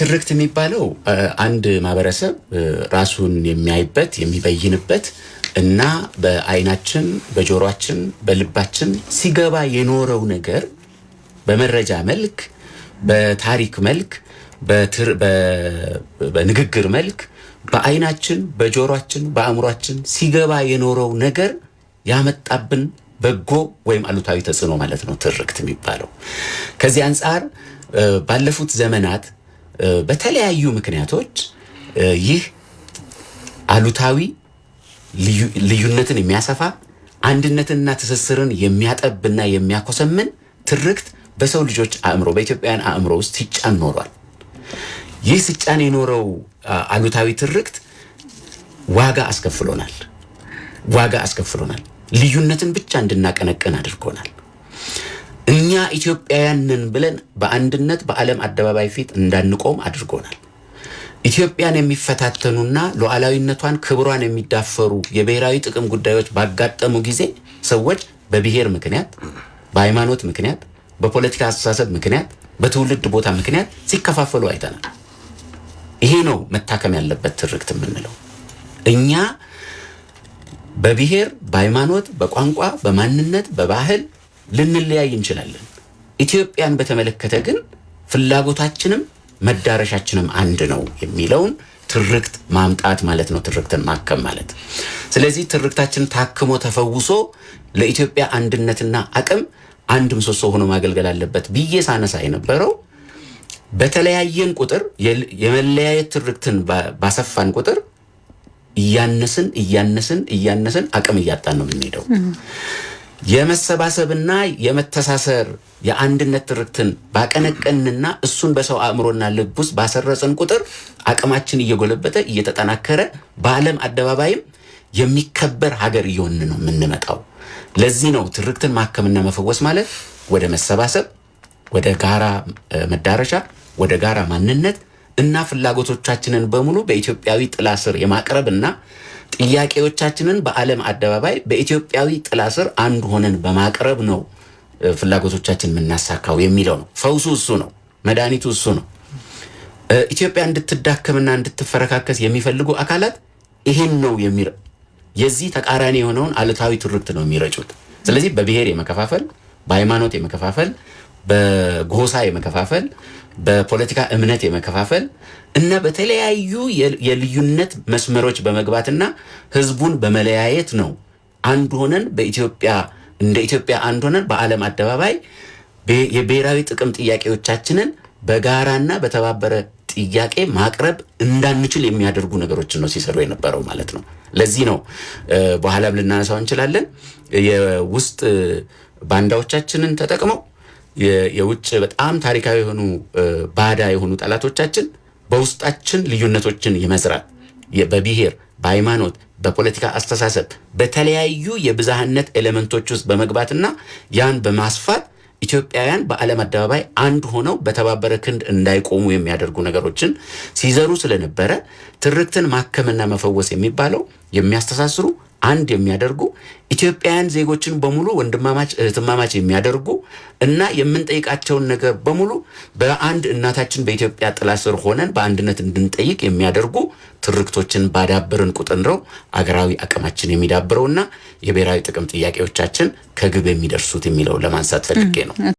ትርክት የሚባለው አንድ ማህበረሰብ ራሱን የሚያይበት የሚበይንበት እና በአይናችን በጆሯችን በልባችን ሲገባ የኖረው ነገር በመረጃ መልክ በታሪክ መልክ በንግግር መልክ በአይናችን በጆሯችን በአእምሯችን ሲገባ የኖረው ነገር ያመጣብን በጎ ወይም አሉታዊ ተጽዕኖ ማለት ነው ትርክት የሚባለው። ከዚህ አንጻር ባለፉት ዘመናት በተለያዩ ምክንያቶች ይህ አሉታዊ ልዩነትን የሚያሰፋ አንድነትንና ትስስርን የሚያጠብና የሚያኮሰምን ትርክት በሰው ልጆች አእምሮ፣ በኢትዮጵያውያን አእምሮ ውስጥ ሲጫን ኖሯል። ይህ ሲጫን የኖረው አሉታዊ ትርክት ዋጋ አስከፍሎናል። ዋጋ አስከፍሎናል። ልዩነትን ብቻ እንድናቀነቀን አድርጎናል። እኛ ኢትዮጵያውያንን ብለን በአንድነት በዓለም አደባባይ ፊት እንዳንቆም አድርጎናል። ኢትዮጵያን የሚፈታተኑና ሉዓላዊነቷን ክብሯን የሚዳፈሩ የብሔራዊ ጥቅም ጉዳዮች ባጋጠሙ ጊዜ ሰዎች በብሔር ምክንያት፣ በሃይማኖት ምክንያት፣ በፖለቲካ አስተሳሰብ ምክንያት፣ በትውልድ ቦታ ምክንያት ሲከፋፈሉ አይተናል። ይሄ ነው መታከም ያለበት ትርክት የምንለው እኛ በብሔር፣ በሃይማኖት፣ በቋንቋ፣ በማንነት፣ በባህል ልንለያይ እንችላለን። ኢትዮጵያን በተመለከተ ግን ፍላጎታችንም መዳረሻችንም አንድ ነው የሚለውን ትርክት ማምጣት ማለት ነው። ትርክትን ማከም ማለት ስለዚህ ትርክታችን ታክሞ ተፈውሶ ለኢትዮጵያ አንድነትና አቅም አንድ ምሰሶ ሆኖ ማገልገል አለበት ብዬ ሳነሳ የነበረው በተለያየን ቁጥር የመለያየት ትርክትን ባሰፋን ቁጥር እያነስን እያነስን እያነስን አቅም እያጣን ነው የምንሄደው። የመሰባሰብና የመተሳሰር የአንድነት ትርክትን ባቀነቀንና እሱን በሰው አእምሮና ልብ ውስጥ ባሰረጽን ቁጥር አቅማችን እየጎለበተ እየተጠናከረ በዓለም አደባባይም የሚከበር ሀገር እየሆን ነው የምንመጣው። ለዚህ ነው ትርክትን ማከምና መፈወስ ማለት ወደ መሰባሰብ፣ ወደ ጋራ መዳረሻ፣ ወደ ጋራ ማንነት እና ፍላጎቶቻችንን በሙሉ በኢትዮጵያዊ ጥላ ስር የማቅረብና ጥያቄዎቻችንን በዓለም አደባባይ በኢትዮጵያዊ ጥላ ስር አንድ ሆነን በማቅረብ ነው ፍላጎቶቻችን የምናሳካው የሚለው ነው። ፈውሱ እሱ ነው። መድኃኒቱ እሱ ነው። ኢትዮጵያ እንድትዳከምና እንድትፈረካከስ የሚፈልጉ አካላት ይህን ነው የሚረ የዚህ ተቃራኒ የሆነውን አሉታዊ ትርክት ነው የሚረጩት። ስለዚህ በብሔር የመከፋፈል፣ በሃይማኖት የመከፋፈል፣ በጎሳ የመከፋፈል በፖለቲካ እምነት የመከፋፈል እና በተለያዩ የልዩነት መስመሮች በመግባትና ህዝቡን በመለያየት ነው አንድ ሆነን በኢትዮጵያ እንደ ኢትዮጵያ አንድ ሆነን በዓለም አደባባይ የብሔራዊ ጥቅም ጥያቄዎቻችንን በጋራና በተባበረ ጥያቄ ማቅረብ እንዳንችል የሚያደርጉ ነገሮችን ነው ሲሰሩ የነበረው ማለት ነው። ለዚህ ነው በኋላም ልናነሳው እንችላለን የውስጥ ባንዳዎቻችንን ተጠቅመው የውጭ በጣም ታሪካዊ የሆኑ ባዳ የሆኑ ጠላቶቻችን በውስጣችን ልዩነቶችን የመዝራት በብሔር፣ በሃይማኖት፣ በፖለቲካ አስተሳሰብ በተለያዩ የብዝሃነት ኤሌመንቶች ውስጥ በመግባትና ያን በማስፋት ኢትዮጵያውያን በዓለም አደባባይ አንድ ሆነው በተባበረ ክንድ እንዳይቆሙ የሚያደርጉ ነገሮችን ሲዘሩ ስለነበረ ትርክትን ማከምና መፈወስ የሚባለው የሚያስተሳስሩ አንድ የሚያደርጉ ኢትዮጵያውያን ዜጎችን በሙሉ ወንድማማች እህትማማች የሚያደርጉ እና የምንጠይቃቸውን ነገር በሙሉ በአንድ እናታችን በኢትዮጵያ ጥላ ስር ሆነን በአንድነት እንድንጠይቅ የሚያደርጉ ትርክቶችን ባዳብርን ቁጥር ነው አገራዊ አቅማችን የሚዳብረውና የብሔራዊ ጥቅም ጥያቄዎቻችን ከግብ የሚደርሱት የሚለው ለማንሳት ፈልጌ ነው።